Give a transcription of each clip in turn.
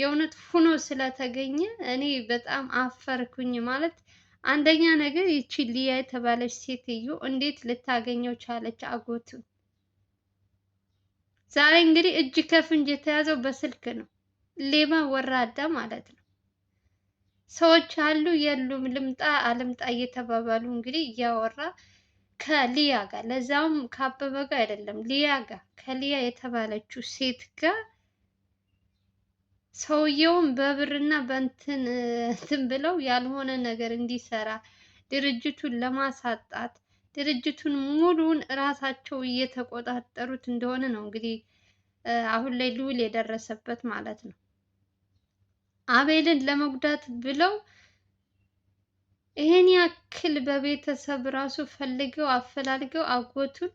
የእውነት ሁኖ ስለተገኘ እኔ በጣም አፈርኩኝ። ማለት አንደኛ ነገር ይቺ ሊያ የተባለች ሴትዮ እንዴት ልታገኘው ቻለች? አጎቱ? ዛሬ እንግዲህ እጅ ከፍንጅ የተያዘው በስልክ ነው። ሌባ ወራዳ ማለት ነው። ሰዎች አሉ የሉም፣ ልምጣ አልምጣ እየተባባሉ እንግዲህ እያወራ ከሊያ ጋር ለዛውም ከአበበ ጋር አይደለም ሊያ ጋር ከሊያ የተባለችው ሴት ጋር ሰውየውን በብርና በእንትን እንትን ብለው ያልሆነ ነገር እንዲሰራ ድርጅቱን ለማሳጣት ድርጅቱን ሙሉውን እራሳቸው እየተቆጣጠሩት እንደሆነ ነው እንግዲህ አሁን ላይ ልዑል የደረሰበት ማለት ነው። አቤልን ለመጉዳት ብለው ይሄን ያክል በቤተሰብ ራሱ ፈልገው አፈላልገው አጎቱን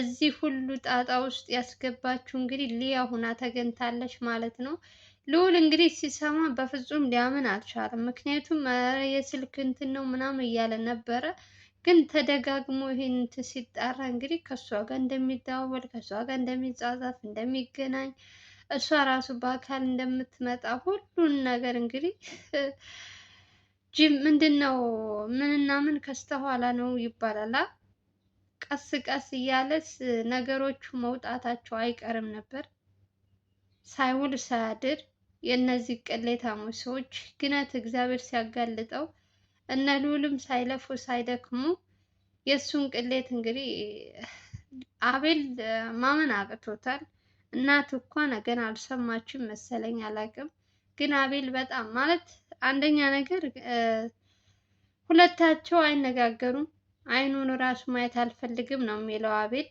እዚህ ሁሉ ጣጣ ውስጥ ያስገባችሁ እንግዲህ ሊያ ሁና ተገኝታለች ማለት ነው። ልዑል እንግዲህ ሲሰማ በፍጹም ሊያምን አልቻለም። ምክንያቱም የስልክ እንትን ነው ምናምን እያለ ነበረ። ግን ተደጋግሞ ይሄን እንትን ሲጣራ እንግዲህ ከእሷ ጋር እንደሚደዋወል ከእሷ ጋር እንደሚጻጻፍ እንደሚገናኝ እሷ ራሱ በአካል እንደምትመጣ ሁሉን ነገር እንግዲህ ጅም ምንድን ነው ምንና ምን ከስተኋላ ነው ይባላል። ቀስ ቀስ እያለስ ነገሮቹ መውጣታቸው አይቀርም ነበር ሳይውል ሳያድር የእነዚህ ቅሌታሞች ሰዎች ግነት እግዚአብሔር ሲያጋልጠው እነ ልዑልም ሳይለፉ ሳይደክሙ የእሱን ቅሌት እንግዲህ አቤል ማመን አቅቶታል። እናት እንኳን ነገን አልሰማችም መሰለኝ አላቅም ግን አቤል በጣም ማለት አንደኛ ነገር ሁለታቸው አይነጋገሩም። አይኑን ራሱ ማየት አልፈልግም ነው የሚለው አቤል።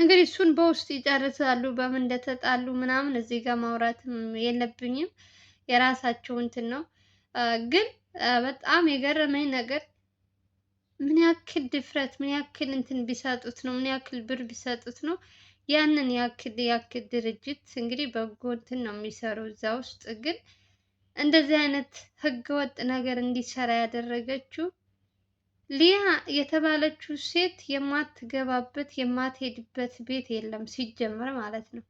እንግዲህ እሱን በውስጥ ይጨርሳሉ። በምን እንደተጣሉ ምናምን እዚህ ጋር ማውራትም የለብኝም። የራሳቸው እንትን ነው። ግን በጣም የገረመኝ ነገር ምን ያክል ድፍረት፣ ምን ያክል እንትን ቢሰጡት ነው፣ ምን ያክል ብር ቢሰጡት ነው ያንን ያክል ያክል ድርጅት እንግዲህ በጎ እንትን ነው የሚሰሩ እዛ ውስጥ ግን እንደዚህ አይነት ህገወጥ ነገር እንዲሰራ ያደረገችው ሊያ የተባለችው ሴት የማትገባበት የማትሄድበት ቤት የለም ሲጀመር ማለት ነው።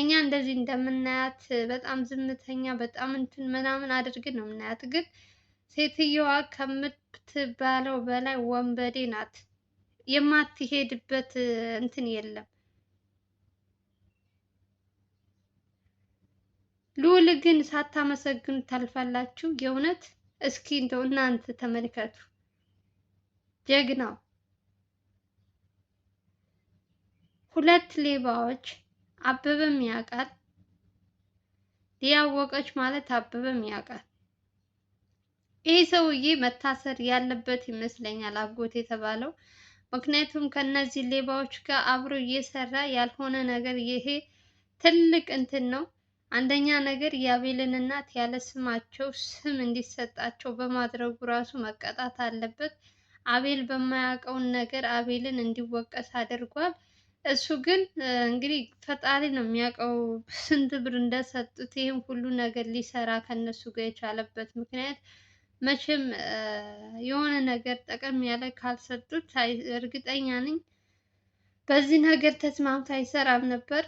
እኛ እንደዚህ እንደምናያት በጣም ዝምተኛ በጣም እንትን ምናምን አድርገን ነው የምናያት። ግን ሴትየዋ ከምትባለው በላይ ወንበዴ ናት። የማትሄድበት እንትን የለም። ልዑል ግን ሳታመሰግኑ ታልፋላችሁ። የእውነት እስኪ እንደው እናንተ ተመልከቱ። ጀግናው ሁለት ሌባዎች አበበም ያውቃል ሊያወቀች ማለት አበበም ያውቃል። ይህ ሰውዬ መታሰር ያለበት ይመስለኛል አጎት የተባለው ምክንያቱም ከነዚህ ሌባዎች ጋር አብሮ እየሰራ ያልሆነ ነገር ይሄ ትልቅ እንትን ነው። አንደኛ ነገር የአቤልን እናት ያለ ስማቸው ስም እንዲሰጣቸው በማድረጉ ራሱ መቀጣት አለበት። አቤል በማያውቀውን ነገር አቤልን እንዲወቀስ አድርጓል። እሱ ግን እንግዲህ ፈጣሪ ነው የሚያውቀው ስንት ብር እንደሰጡት ይህም ሁሉ ነገር ሊሰራ ከነሱ ጋር የቻለበት ምክንያት መቼም የሆነ ነገር ጠቀም ያለ ካልሰጡት እርግጠኛ ነኝ በዚህ ነገር ተስማምቶ አይሰራም ነበር።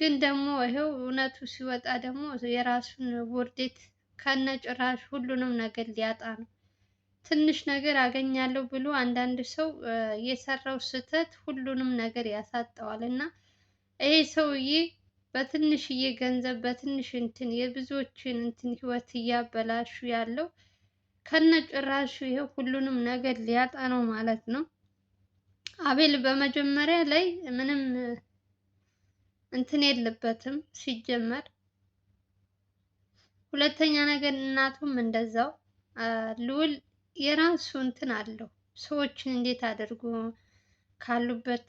ግን ደግሞ ይሄው እውነቱ ሲወጣ ደግሞ የራሱን ውርዴት ከነ ጭራሽ ሁሉንም ነገር ሊያጣ ነው። ትንሽ ነገር አገኛለሁ ብሎ አንዳንድ ሰው የሰራው ስህተት ሁሉንም ነገር ያሳጠዋል እና ይሄ ሰውዬ በትንሽዬ ገንዘብ በትንሽ እንትን የብዙዎችን እንትን ህይወት እያበላሹ ያለው ከነጭራሹ ይሄ ሁሉንም ነገር ሊያጣ ነው ማለት ነው። አቤል በመጀመሪያ ላይ ምንም እንትን የለበትም ሲጀመር። ሁለተኛ ነገር እናቱም እንደዛው ልውል የራሱ እንትን አለው። ሰዎችን እንዴት አድርጎ ካሉበት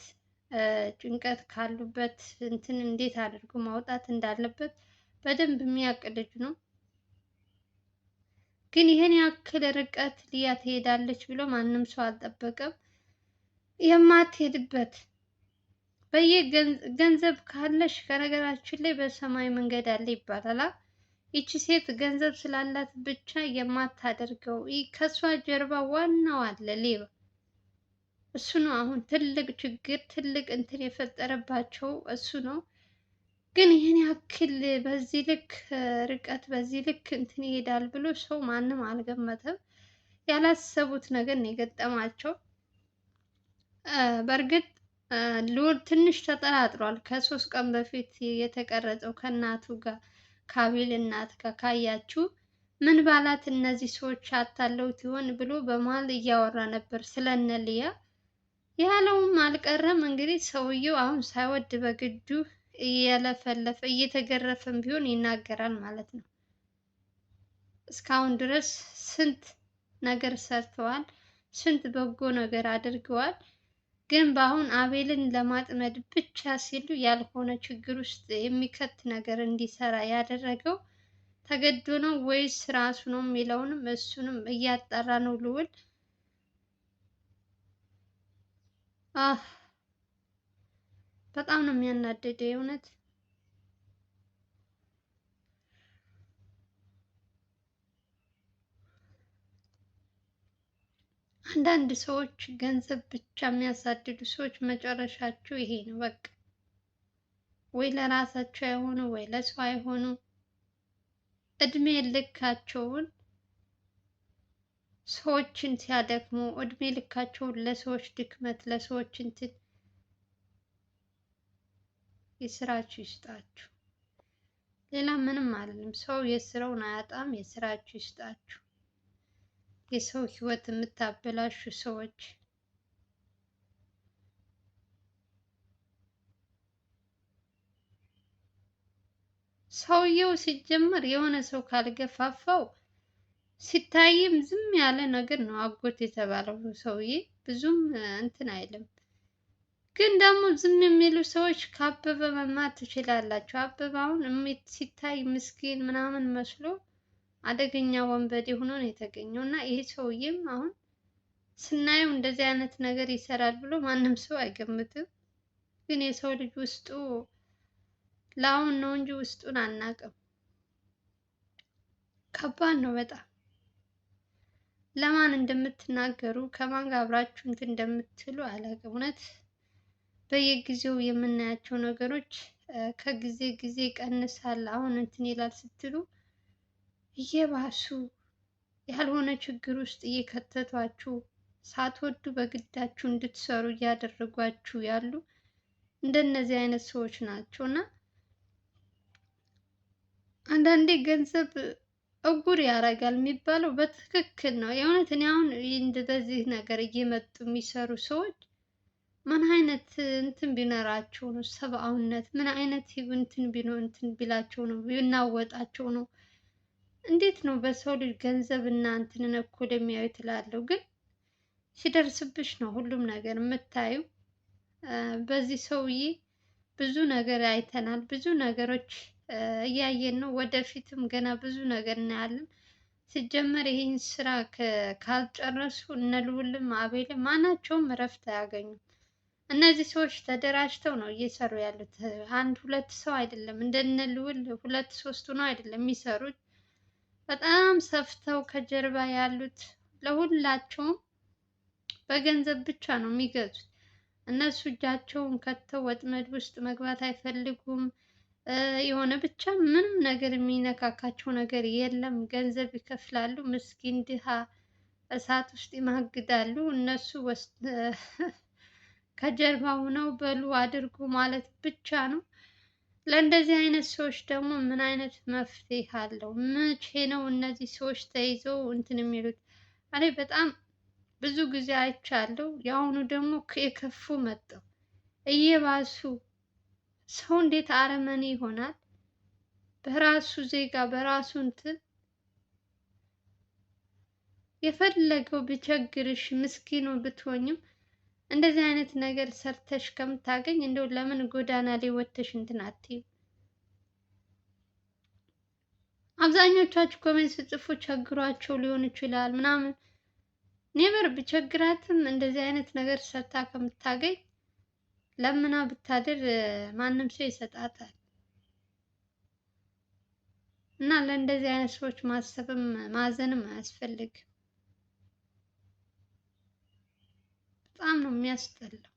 ጭንቀት ካሉበት እንትን እንዴት አድርጎ ማውጣት እንዳለበት በደንብ የሚያውቅ ልጅ ነው። ግን ይህን ያክል ርቀት ሊያ ትሄዳለች ብሎ ማንም ሰው አልጠበቀም። የማትሄድበት በየገንዘብ ካለሽ ከነገራችን ላይ በሰማይ መንገድ አለ ይባላል። ይቺ ሴት ገንዘብ ስላላት ብቻ የማታደርገው ከእሷ ጀርባ ዋናው አለ ሌባ። እሱ ነው አሁን ትልቅ ችግር ትልቅ እንትን የፈጠረባቸው እሱ ነው። ግን ይህን ያክል በዚህ ልክ ርቀት በዚህ ልክ እንትን ይሄዳል ብሎ ሰው ማንም አልገመተም። ያላሰቡት ነገር ነው የገጠማቸው። በእርግጥ ልዑል ትንሽ ተጠራጥሯል። ከሶስት ቀን በፊት የተቀረጸው ከእናቱ ጋር ካቢል እናት ጋር ምን ባላት እነዚህ ሰዎች አታለውት ይሆን ብሎ በመሀል እያወራ ነበር ስለነ ሊያ ያለውም አልቀረም። እንግዲህ ሰውየው አሁን ሳይወድ በግዱ እየለፈለፈ እየተገረፈም ቢሆን ይናገራል ማለት ነው። እስካሁን ድረስ ስንት ነገር ሰርተዋል፣ ስንት በጎ ነገር አድርገዋል። ግን በአሁን አቤልን ለማጥመድ ብቻ ሲሉ ያልሆነ ችግር ውስጥ የሚከት ነገር እንዲሰራ ያደረገው ተገዶ ነው ወይስ ራሱ ነው የሚለውንም እሱንም እያጣራ ነው ልዑል። በጣም ነው የሚያናደደው የእውነት። አንዳንድ ሰዎች ገንዘብ ብቻ የሚያሳድዱ ሰዎች መጨረሻቸው ይሄ ነው። በቃ ወይ ለራሳቸው አይሆኑ፣ ወይ ለሰው አይሆኑ። እድሜ ልካቸውን ሰዎችን ሲያደክሙ እድሜ ልካቸውን ለሰዎች ድክመት፣ ለሰዎች እንትን የስራችሁ ይስጣችሁ። ሌላ ምንም አለም። ሰው የስራውን አያጣም። የስራችሁ ይስጣችሁ። የሰው ህይወት የምታበላሹ ሰዎች ሰውየው ሲጀመር የሆነ ሰው ካልገፋፋው ሲታይም ዝም ያለ ነገር ነው። አጎት የተባለው ሰውዬ ብዙም እንትን አይልም። ግን ደግሞ ዝም የሚሉ ሰዎች ከአበበ መማር ትችላላችሁ። አበበ አሁን ሲታይ ምስኪን ምናምን መስሎ አደገኛ ወንበዴ ሆኖ ነው የተገኘው። እና ይሄ ሰውዬም አሁን ስናየው እንደዚህ አይነት ነገር ይሰራል ብሎ ማንም ሰው አይገምትም። ግን የሰው ልጅ ውስጡ ለአሁን ነው እንጂ ውስጡን አናውቅም። ከባድ ነው በጣም ለማን እንደምትናገሩ ከማን ጋር አብራችሁ እንትን እንደምትሉ አላውቅም። እውነት በየጊዜው የምናያቸው ነገሮች ከጊዜ ጊዜ ይቀንሳል፣ አሁን እንትን ይላል ስትሉ እየባሱ ያልሆነ ችግር ውስጥ እየከተቷችሁ ሳትወዱ በግዳችሁ እንድትሰሩ እያደረጓችሁ ያሉ እንደነዚህ አይነት ሰዎች ናቸው እና አንዳንዴ ገንዘብ እጉር ያደርጋል የሚባለው በትክክል ነው። የእውነት እኔ አሁን እንደዚህ ነገር እየመጡ የሚሰሩ ሰዎች ምን አይነት እንትን ቢኖራቸው ነው? ሰብአውነት ምን አይነት እንትን ቢኖ እንትን ቢላቸው ነው? ቢናወጣቸው ነው? እንዴት ነው በሰው ልጅ ገንዘብ እናንትንን እኩል የሚያዩት እላለሁ። ግን ሲደርስብሽ ነው ሁሉም ነገር የምታዩ። በዚህ ሰውዬ ብዙ ነገር አይተናል። ብዙ ነገሮች እያየን ነው። ወደፊትም ገና ብዙ ነገር እናያለን። ሲጀመር ይህን ስራ ካልጨረሱ እነ ልዑልም አቤልም ማናቸውም እረፍት አያገኙም። እነዚህ ሰዎች ተደራጅተው ነው እየሰሩ ያሉት። አንድ ሁለት ሰው አይደለም፣ እንደነ ሁለት ሶስቱ ነው አይደለም የሚሰሩት በጣም ሰፍተው ከጀርባ ያሉት ለሁላቸውም በገንዘብ ብቻ ነው የሚገዙት። እነሱ እጃቸውን ከተው ወጥመድ ውስጥ መግባት አይፈልጉም። የሆነ ብቻ ምንም ነገር የሚነካካቸው ነገር የለም። ገንዘብ ይከፍላሉ፣ ምስኪን ድሃ እሳት ውስጥ ይማግዳሉ። እነሱ ከጀርባ ሆነው በሉ አድርጉ ማለት ብቻ ነው። ለእንደዚህ አይነት ሰዎች ደግሞ ምን አይነት መፍትሄ አለው? መቼ ነው እነዚህ ሰዎች ተይዘው እንትን የሚሉት? እኔ በጣም ብዙ ጊዜ አይቻለሁ። የአሁኑ ደግሞ የከፉ መጠው እየባሱ ሰው እንዴት አረመኔ ይሆናል? በራሱ ዜጋ በራሱ እንትን የፈለገው ቢቸግርሽ ምስኪኑ ብትሆኝም እንደዚህ አይነት ነገር ሰርተሽ ከምታገኝ እንደው ለምን ጎዳና ላይ ወጥተሽ እንትን አትይም? አብዛኞቻችሁ ኮሜንት ስጽፉ ቸግሯቸው ሊሆን ይችላል ምናምን። ኔቨር ብቸግራትም እንደዚህ አይነት ነገር ሰርታ ከምታገኝ ለምና ብታድር ማንም ሰው ይሰጣታል። እና ለእንደዚህ አይነት ሰዎች ማሰብም ማዘንም አያስፈልግም። በጣም ነው የሚያስጠላው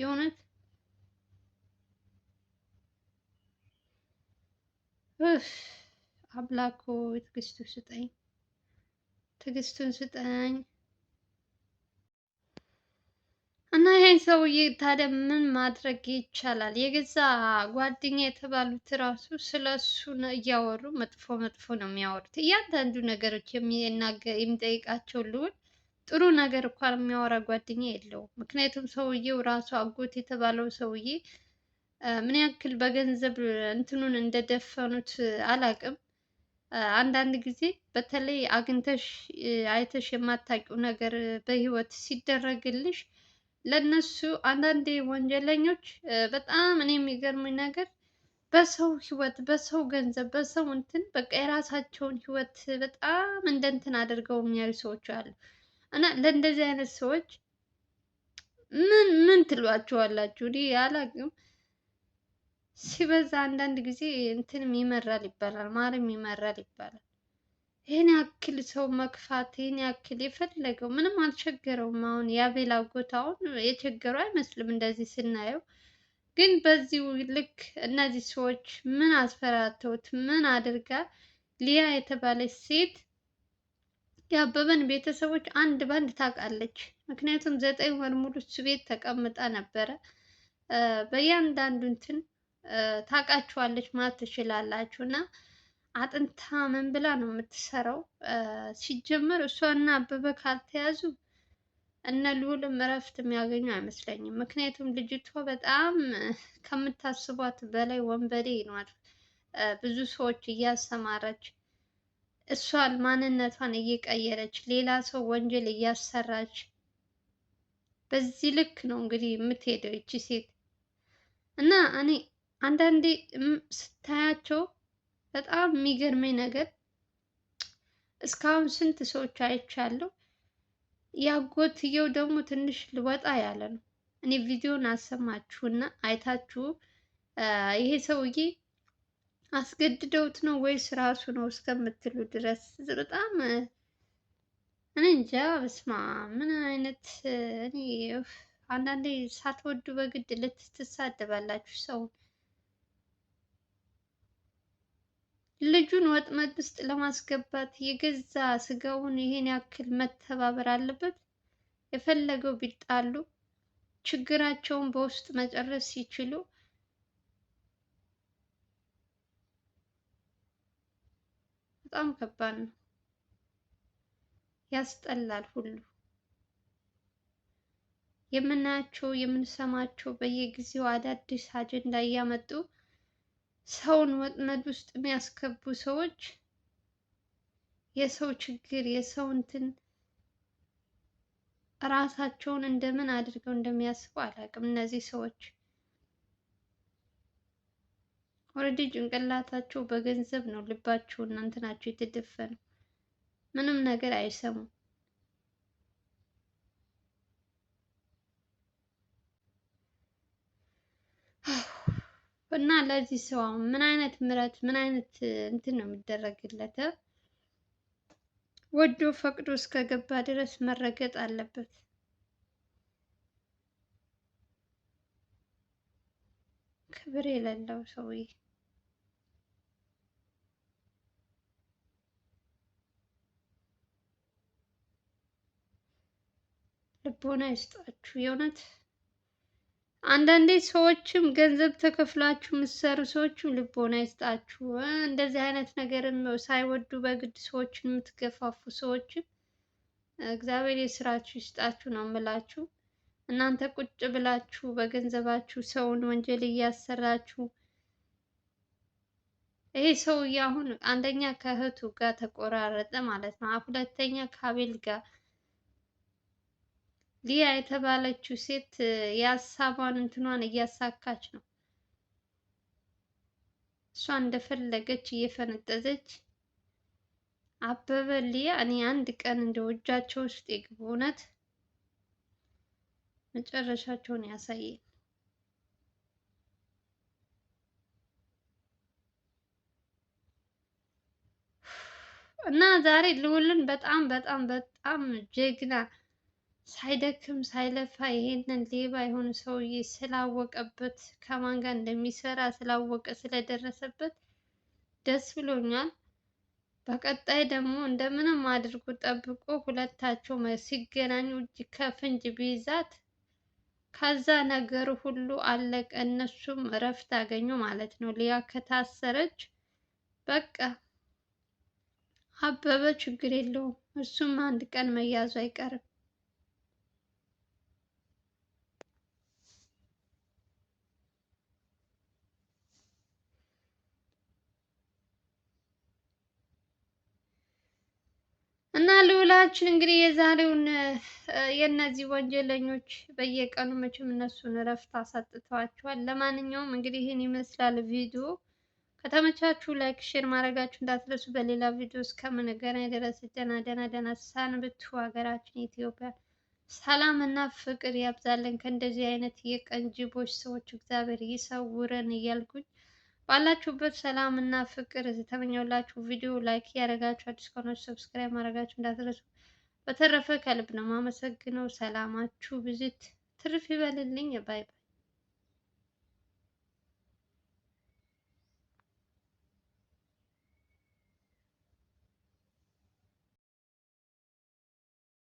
የእውነት አብላኮ ትዕግስቱ ስጠኝ፣ ትዕግስቱን ስጠኝ። እና ይሄን ሰውዬ ታዲያ ምን ማድረግ ይቻላል? የገዛ ጓደኛ የተባሉት ራሱ ስለ እሱ እያወሩ መጥፎ መጥፎ ነው የሚያወሩት። እያንዳንዱ ነገሮች የሚጠይቃቸው ልዑል ጥሩ ነገር እንኳን የሚያወራ ጓደኛ የለውም። ምክንያቱም ሰውዬው ራሱ አጎት የተባለው ሰውዬ ምን ያክል በገንዘብ እንትኑን እንደደፈኑት አላውቅም። አንዳንድ ጊዜ በተለይ አግኝተሽ አይተሽ የማታውቂው ነገር በህይወት ሲደረግልሽ ለነሱ አንዳንዴ ወንጀለኞች በጣም እኔ የሚገርመኝ ነገር በሰው ህይወት፣ በሰው ገንዘብ፣ በሰው እንትን በቃ የራሳቸውን ህይወት በጣም እንደንትን አድርገው የሚያዩ ሰዎች አሉ። እና ለእንደዚህ አይነት ሰዎች ምን ምን ትሏቸዋላችሁ? እኔ አላውቅም። ሲበዛ አንዳንድ ጊዜ እንትንም ይመራል ይባላል፣ ማርም ይመራል ይባላል። ይህን ያክል ሰው መክፋት ይህን ያክል የፈለገው ምንም አልቸገረውም። አሁን የአቤል አጎት አሁን የቸገረው አይመስልም እንደዚህ ስናየው። ግን በዚሁ ልክ እነዚህ ሰዎች ምን አስፈራተውት ምን አድርጋ ሊያ የተባለች ሴት የአበበን ቤተሰቦች አንድ ባንድ ታውቃለች። ምክንያቱም ዘጠኝ ወር ሙሉ እሱ ቤት ተቀምጣ ነበረ። በእያንዳንዱ እንትን ታውቃችኋለች ማለት ትችላላችሁ። እና አጥንታ ምን ብላ ነው የምትሰራው? ሲጀመር እሷ እና አበበ ካልተያዙ እነ ልዑልም እረፍት የሚያገኙ አይመስለኝም። ምክንያቱም ልጅቷ በጣም ከምታስቧት በላይ ወንበዴ ነው። ብዙ ሰዎች እያሰማረች እሷን ማንነቷን እየቀየረች ሌላ ሰው ወንጀል እያሰራች በዚህ ልክ ነው እንግዲህ የምትሄደው ይቺ ሴት እና እኔ አንዳንዴ ስታያቸው በጣም የሚገርመኝ ነገር እስካሁን ስንት ሰዎች አይቻለሁ። ያጎትየው ደግሞ ትንሽ ልወጣ ያለ ነው። እኔ ቪዲዮን አሰማችሁና አይታችሁ ይሄ ሰውዬ አስገድደውት ነው ወይስ ራሱ ነው እስከምትሉ ድረስ በጣም እኔ እንጃ። በስማ ምን አይነት እኔ አንዳንዴ ሳትወዱ በግድ ልትሳደባላችሁ ሰውን ልጁን ወጥመድ ውስጥ ለማስገባት የገዛ ስጋውን ይሄን ያክል መተባበር አለበት? የፈለገው ቢጣሉ ችግራቸውን በውስጥ መጨረስ ሲችሉ በጣም ከባድ ነው። ያስጠላል ሁሉ የምናያቸው የምንሰማቸው በየጊዜው አዳዲስ አጀንዳ እያመጡ ሰውን ወጥመድ ውስጥ የሚያስገቡ ሰዎች የሰው ችግር የሰው እንትን ራሳቸውን እንደምን አድርገው እንደሚያስቡ አላውቅም እነዚህ ሰዎች። ኦልሬዲ ጭንቅላታቸው በገንዘብ ነው ልባቸው እናንተ እንትናቸው የተደፈነው። ምንም ነገር አይሰሙም። እና ለዚህ ሰው አሁን ምን አይነት ምረት ምን አይነት እንትን ነው የሚደረግለት? ወዶ ፈቅዶ እስከገባ ድረስ መረገጥ አለበት። ክብር የሌለው ሰውዬ። ልቦና ይስጣችሁ የእውነት። አንዳንዴ ሰዎችም ገንዘብ ተከፍላችሁ የምትሰሩ ሰዎችም ልቦና ይስጣችሁ። እንደዚህ አይነት ነገርም ሳይወዱ በግድ ሰዎችን የምትገፋፉ ሰዎችም እግዚአብሔር የስራችሁ ይስጣችሁ ነው የምላችሁ። እናንተ ቁጭ ብላችሁ በገንዘባችሁ ሰውን ወንጀል እያሰራችሁ ይሄ ሰውዬ አሁን አንደኛ ከእህቱ ጋር ተቆራረጠ ማለት ነው። ሁለተኛ ከአቤል ጋር ሊያ የተባለችው ሴት የሀሳቧን እንትኗን እያሳካች ነው። እሷ እንደፈለገች እየፈነጠዘች አበበ ሊያ እኔ አንድ ቀን እንደው እጃቸው ውስጥ የግቡ እውነት መጨረሻቸውን ያሳየን። እና ዛሬ ልዑልን በጣም በጣም በጣም ጀግና ሳይደክም ሳይለፋ ይሄንን ሌባ የሆነ ሰውዬ ስላወቀበት ከማን ጋር እንደሚሰራ ስላወቀ ስለደረሰበት ደስ ብሎኛል። በቀጣይ ደግሞ እንደምንም አድርጎ ጠብቆ ሁለታቸው ሲገናኙ እጅ ከፍንጅ ቢይዛት ከዛ ነገር ሁሉ አለቀ። እነሱም እረፍት አገኙ ማለት ነው። ሊያ ከታሰረች በቃ አበበ ችግር የለውም እሱም አንድ ቀን መያዙ አይቀርም። እና ልዑላችን እንግዲህ የዛሬውን የእነዚህ ወንጀለኞች በየቀኑ መቼም እነሱን እረፍት አሳጥተዋቸዋል። ለማንኛውም እንግዲህ ይህን ይመስላል ቪዲዮ። ከተመቻችሁ ላይክ፣ ሼር ማድረጋችሁ እንዳትረሱ። በሌላ ቪዲዮ እስከምንገናኝ ድረስ ደህና ደህና ደህና ሰንብቱ። ሀገራችን ኢትዮጵያ ሰላም እና ፍቅር ያብዛልን። ከእንደዚህ አይነት የቀንጅቦች ሰዎች እግዚአብሔር ይሰውረን እያልኩኝ ባላችሁበት ሰላም እና ፍቅር ተመኘውላችሁ። ቪዲዮ ላይክ እያደረጋችሁ አዲስ ከሆናችሁ ሰብስክራይብ ማድረጋችሁ እንዳትረሱ። በተረፈ ከልብ ነው ማመሰግነው። ሰላማችሁ ብዝት ትርፍ ይበልልኝ። ባይ ባይ።